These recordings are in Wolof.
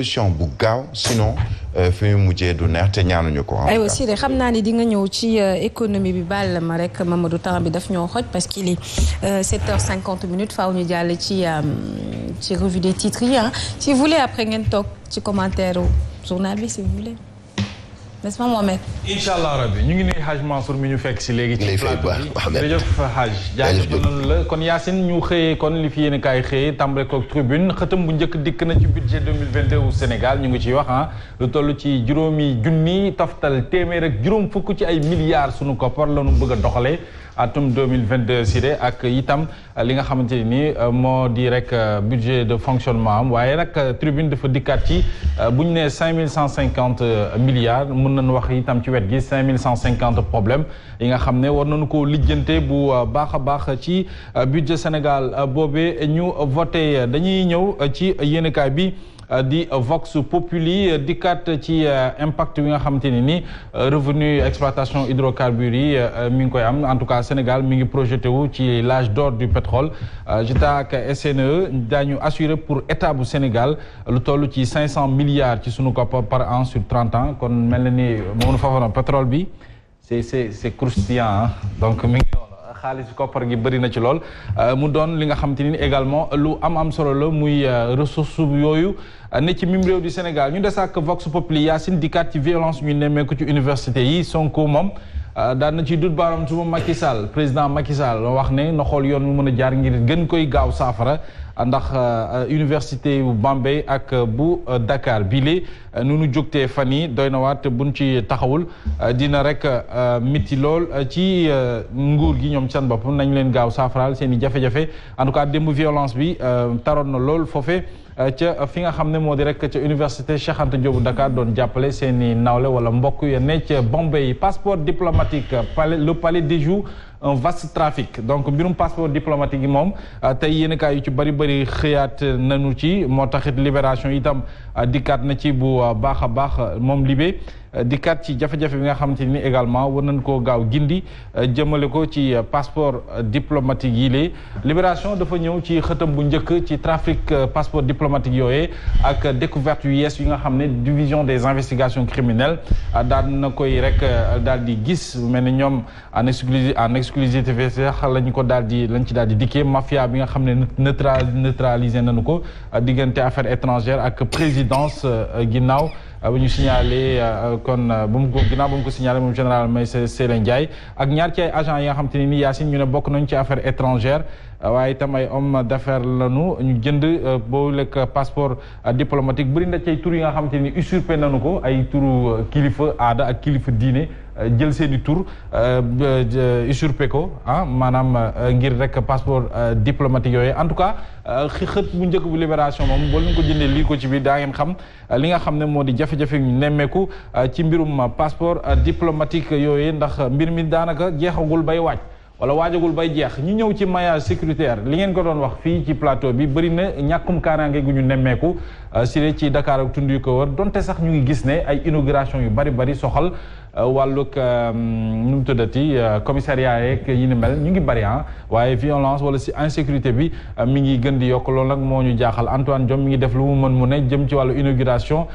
solution bu gaaw sinon euh, fi mu mujjee du neex te ñaanuñu ko. Eh aywa Siré xam naa ni di nga ñëw ci euh, économie bi baal ma rek Mamadou temps bi daf ñoo xoj parce qu'il est 7h50 euh, minutes faaw ñu jàll ci ci revue des titres yi ah si vous voulez après ngeen toog ci commentaire journal bi si vous voulez. n'est-ce pas Mohamed. incha allah ñu ngi nuyu Hadj Mansour mi ñu fekk si léegi. ci plateau bi jërëjëf Hadj. jaajëfal la kon Yacine ñu xëyee kon li fi yéen kaay xëyee tàmbale koog tribune xëtam bu njëkk dikk na ci budget deux mille vingt et un ñu ngi ciy wax ah. lu toll ci juróomi junni taftal téeméer ak juróom fukk ci ay milliards sunu koppar la nu bëgg a doxalee. atum 2022 Siré ak itam euh, li nga xamante ni euh, moo di rek euh, budget de fonctionnement am waaye nag tribune dafa dikkaat ci bu ñu nee 5150 milliards mën nañu wax itam ci wet gi 5150 problème yi nga xam ne war nañu ko lijjante bu baax a baax ci budget Sénégal boobe ñu voté dañuy ñëw ci yéenekaay bi Euh, di Vox Populi euh, dikkaat ci euh, impact bi nga xamante ne ni revenu exploitation hydrocarbures yi mi ngi koy am en tout cas Sénégal mi ngi projeté wu ci l'âge d'or du pétrole JETA ak SNE daañu assuré pour état bu Sénégal lu toll ci cinq cent milliards ci sunu koppar par an sur trente ans kon mel na ni Mamadou Fofana pétrole bi c'est c'est c'est croustillant donc mi ngi xaalis koppar gi bëri na ci lool euh, mu doon li nga xam ni également lu am am solo la muy euh, ressource yooyu euh, ne ci mim réew di Sénégal ñu des ak Vox Populi Yacine dikkaat ci violence ñu nemmeeku ci université yi Sonko moom. Euh, daan na ci dut baaram suma Macky Sall président Macky wax ne na xool yoon mu mën a jaar ngir gën koy gaaw saafara ndax euh, université bu Bambey ak euh, bu dakaar bii li nu nu jógtee fan yi doy na waat buñ ci taxawul dina rek miti lool ci nguur gi ñoom seen bopp nañ leen gaaw saafaraal seen i jafe-jafe en tout cas démb violence bi taroon na lool foofe ca fi nga xam ne moo di rek ca université Cheikh Anta Diop bu Dakar doon jàppale seen i nawle wala mbokk ya Fatick euh, palais le palais des jours un vaste trafic donc mbirum passeport diplomatique yi moom euh, tey yéen kaay ci bëri bëri xëyaat nañu ci moo taxit libération itam euh, dikkaat na ci bu euh, baax a baax moom libé dikkaat ci jafe-jafe bi nga xamante ni également war nañ koo gaaw gindi jëmale ko ci passeport diplomatique yi lee libération dafa ñëw ci xëtam bu njëkk ci trafic passeport diplomatique yooyee ak découverte yu yees yi nga xam ne division des investigations criminelles daal na koy rek daal di gis mel ni ñoom en exclusi exclusivité sax lañ ko daal di lañ ci daal di dikkee mafia bi nga xam ne neutral neutralisé nañu ko euh, diggante affaires étrangères ak présidence euh, ginnaaw euh, ba ñu signalé kon ba mu ko ginnaaw ba mu ko signalé moom général Meïssa Sélé Ndiaye ak ñaar ci ay yi nga xam ne ni Yacine ñu ne bokk nañ ci affaires étrangères waaye itam ay homme d'affaires lañu ñu jënd boole ak passeport diplomatique bëri na ci ay tur yi nga xam te ni usurpé nañu ko ay turu kilifa aada ak kilifa diine jël seen i tur euh, usurpé ko ah maanaam euh, ngir rek passeport euh, diplomatique yooyu en tout cas xët bu njëkk bu libération moom boo leen ko jëndee lii ko ci biir daangeen xam li nga xam ne moo di jafe-jafe nemmeeku ci mbirum passeport diplomatique yooyu ndax mbir mi daanaka jeexagul bay waaj wala waajagul bay jeex ñu ñëw ci maillage sécuritaire li ngeen ko doon wax fii ci plateau bi bëri na ñàkkum kaaraange gu ñu nemmeeku si ci Dakar ak tund yu ko wër donte sax ñu ngi gis ne ay inauguration yu bari bari soxal Euh, wàllug euh, nu mu tuddati euh, commissariat yeeg yi ni mel ñu ngi bari ah waaye violence wala si insécurité bi mi ngi gën di yokk loolu nag moo ñu jaaxal Antoine Diome mi ngi def lu mu mën mu ne jëm ci wàllu inauguration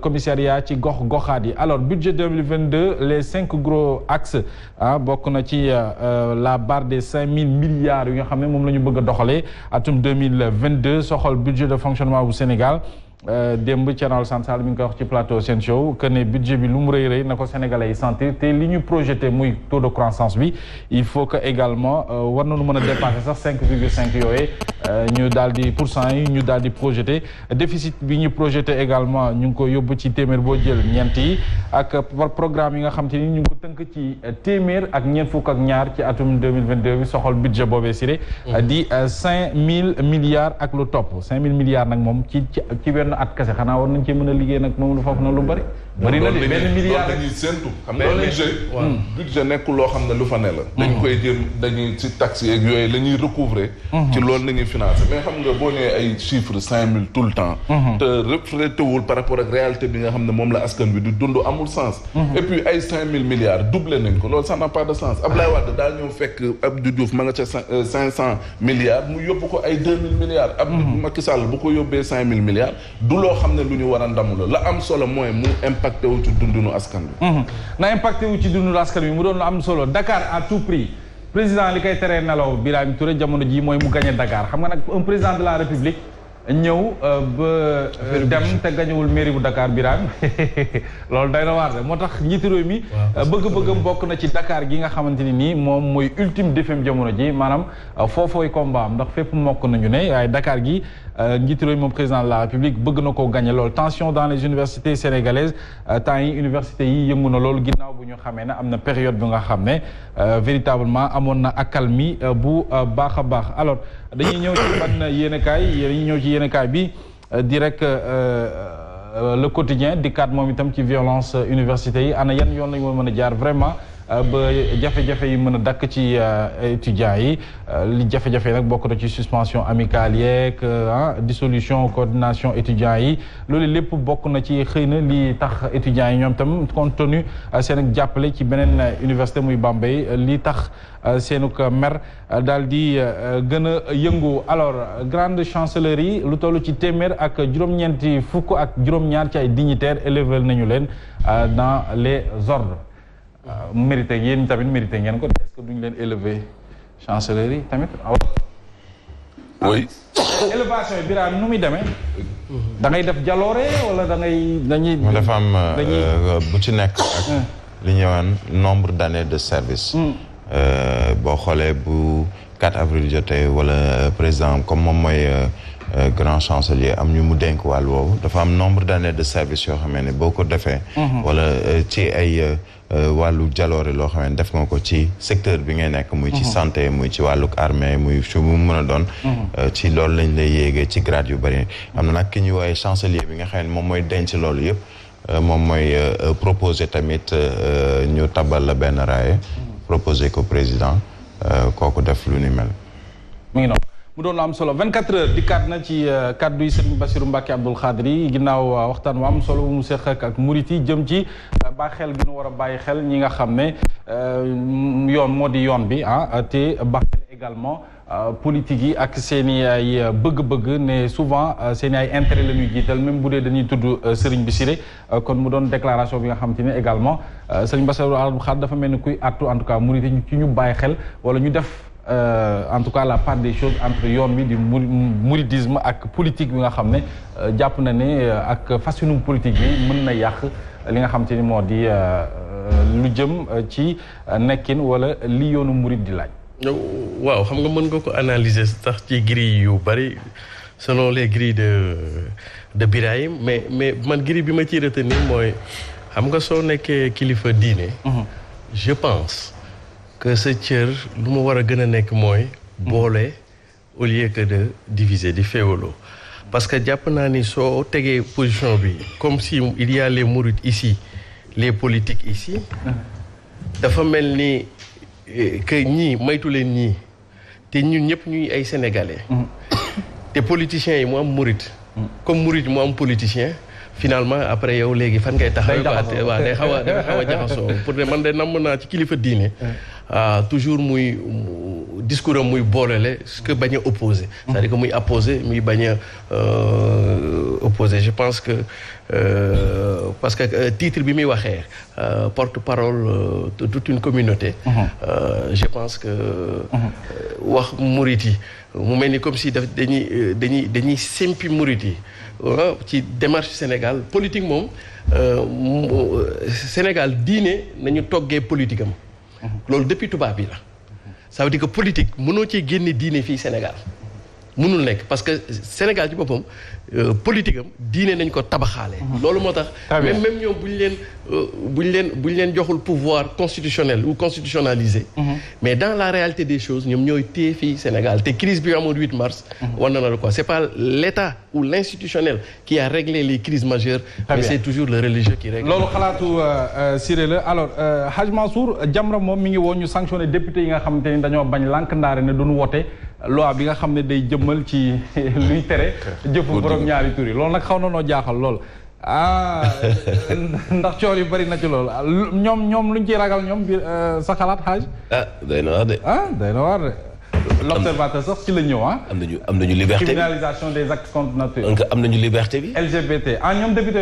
commissariat ci gox goxaat yi alors budget 2022 les cinq gros axes ah bokk na ci la barre des cinq mille milliards yi nga xam ne moom la ñu bëgg a doxalee atum 2022 soxal budget de fonctionnement bu Sénégal Euh, démb Thierno Alassane Sall mi ngi koy wax ci plateau Sen Show que ne budget bi lu mu rëy rëy na ko sénégalais yi sentir te li ñu projeté muy taux de croissance bi il faut que également euh, war nañu mën a dépasser sax cinq virgule cinq yooyu euh, ñu daal di pour cent yi ñu daal di projeté déficit bi ñu projeté également ñu ngi ko yóbbu ci téeméer boo jël ñeent yi ak programme yi nga xam te ni ñu ngi ko tënk ci téeméer ak ñeent fukk ak ñaar ci atum deux mille vingt deux bi soxal budget boobee siré mm. di cinq milliards ak lu topp cinq mille at kese xanaa war nañ cee mën a liggéey nag moom foofu na lu bari. bari na de benn milliard dañuy séntu mm-hmm. ci taxes yooyu la recouvrer mm-hmm. ci loolu la ñuy financé xam nga boo ñëwee ay chiffres tout le temps mm-hmm. te reflété par rapport ak réalité bi nga xam ne moom la askan bi du dund amul sens et puis ay milliards doublé nañ ko loolu ça n'a pas de sens Ablaye Wade daa ñëw fekk Abdou Diouf ma nga ca euh, milliards mu yóbbu ko ay milliards Abdou Macky Sall du loo xam ne lu ñu war a la am solo mooy mu impacté wu ci dundunu askan bi mhm. na impacté wu ci dundunu askan bi mu doon lu am solo Dakar à tout prix président li koy teree nelaw Birame Touré jamono ji mooy mu gagné Dakar xam nga nag un président de la République ñëw euh, ba euh, dem te gañewul mairie bu Dakar Birame loolu day na waar moo tax njiitu réew mi bëgg bëgg mbokk na ci Dakar gi nga xamante ni nii moom mooy ultime défem jamono ji maanaam euh, foofooy combat am ndax fépp mokk nañu ne waaye Dakar gi njiitu réew moom président de la République bëgg na ko gagné lool tension dans les universités sénégalaises temps yi université yi yëngu na loolu ginnaaw bu ñu xamee ne am na période bu nga xam ne véritablement amoon na accalmie bu baax a baax alors yéenekaay bi euh, di rek euh, euh, le quotidien di moom itam ci violence université yi ana yan yoon lañu mën a jaar vraiment Euh, ba jafe-jafe yi mën a dakk ci euh, étudiants yi euh, li jafe-jafe nag bokk na ci suspension amicale yeeg ah dissolution coordination étudiants yi loolu lépp bokk na ci xëy na li tax étudiants yi ñoom tam compte tenu seen jàppale ci beneen université muy Bambey li tax seenuk mer daal di gën a yëngu alors grande chancellerie lu toll ci téeméer ak juróom-ñeenti fukk ak juróom-ñaar ci ay dignitaires élevé nañu leen dans les ordres Euh, mérité yéen tamit mérité ngeen ko est-ce que duñ leen élever chancellerie tamit aw oui élévation yi biraam nu muy demee da ngay def jaloore wala da ngay dañuy dafa am euh, bu ci nekk ak li ñuy wax nombre d'années de service hmm. euh, boo xoolee bu 4 avril jotee wala président comme moom mooy Euh, grand chancelier am ñu mu dénk wàll woowu dafa am nombre d'années de service yoo xamee ne boo ko defee mhm. wala euh, ci ay euh, wàllu jaloore loo xam ne def nga ko ci secteur bi ngay nekk muy ci mhm. santé muy ci wàllu armée muy su mu mën a doon mhm. ci loolu lañ lay yéegee ci grade yu bëri am na nag ki ñuy woowee chancelier bi nga xam ne moom mooy denc loolu yëpp moom mooy proposer tamit ñu tabal la benn raaye proposer ko président kooku def lu ni mel mu doon am solo vingt 24 heures dikkaat na ci euh, kàddu yi Serigne Bassirou Mbacke Abdoul Khadri yi ginnaaw euh, waxtaan wu am solo bu mu seq ak ak murit yi jëm ci euh, baaxel xel ñu war a bàyyi xel ñi nga xam ne yoon moo di yoon bi ah te ba xel également politique yi ak seen i ay bëgg-bëgg ne souvent seen ay intérêt la ñuy jiital même bu dee dañuy tudd Serigne Bissiré kon mu doon déclaration bi nga xam te ne également Serigne Bassirou Abdoul Khadri dafa mel ni kuy àttu en tout cas murit yi ci ñu bàyyi xel wala ñu def. Euh, en tout cas la part des choses entre yoon wi di mouridisme ak politique bi nga xam ne euh, jàpp na ne euh, ak façonum politique bi mën na yàq li nga xam te ni moo di lu jëm ci nekkin wala li yoonu murid di laaj. waaw xam nga mën nga ko analyser sax ci grilles yu bari selon les grilles de de Birahim mais mais man grille bi ma ciy retenir mooy xam nga soo nekkee kilifa diine. Mhm. je pense. que sa cër lu ma war a gën a nekk mooy boole au lieu que de diviser di féewaloo parce que jàpp naa ni soo tegee position bi comme si il y a les mourides ici les dafa mel ni eh, que ñii maytu leen ñii te ñun ñëpp ñuy ay sénégalais te politiciens yi mu am mouride comme mouride mu am politicien finalement après yow léegi fan ngay tax waaw day xaw a day xaw a jaxasoo pour de man de namm naa ci kilifa diine Euh, toujours muy discours am muy boolele su que bañ a opposé cest muy opposé muy bañ a euh, opposé je pense que Euh, parce que euh, bi muy waxee euh, porte-parole euh, de toute une communauté. Mm je pense que. wax murit yi mu mel ni comme si daf dañuy dañuy dañuy simpi murit yi ci démarche Sénégal politique moom Sénégal diine nañu toggee politique loolu depuis tubaab yi la ça veut dire politique mënoo cee génne diine fii Sénégal mënul nekk parce que Sénégal ci boppam euh, politique am diine nañ ko tabaxaale. Mhm. loolu moo tax. même même ñoom bu ñu leen euh, bu ñu leen bu ñu leen joxul pouvoir constitutionnel ou constitutionnalisé. Mhm. mais dans la réalité des choses ñoom ñooy téye fii Sénégal te crise bi amoon 8 mars. Mhm. war na la quoi c' est pas l' état ou l' institutionnel qui a réglé les crises majeures. mais c' est toujours le religieux qui règle. loolu xalaatu euh, Siré la alors Hadj Mansour Jamra moom mi ngi woon ñu sanctionné député yi nga xamante ni dañoo bañ lànk ndaare ne duñu woote. loi bi nga xam ne day jëmmal ci luy tere jëfu borom ñaari tur yi loolu nag xaw na noo jaaxal lool ah ndax coor yu bari na ci loolu ñoom ñoom luñ ciy ragal ñoom bi euh, sa xalaat xaaj ah day na waar de ah day sax ci la ñëw ah am nañu am nañu liberté des actes contre bi LGBT ah ñoom député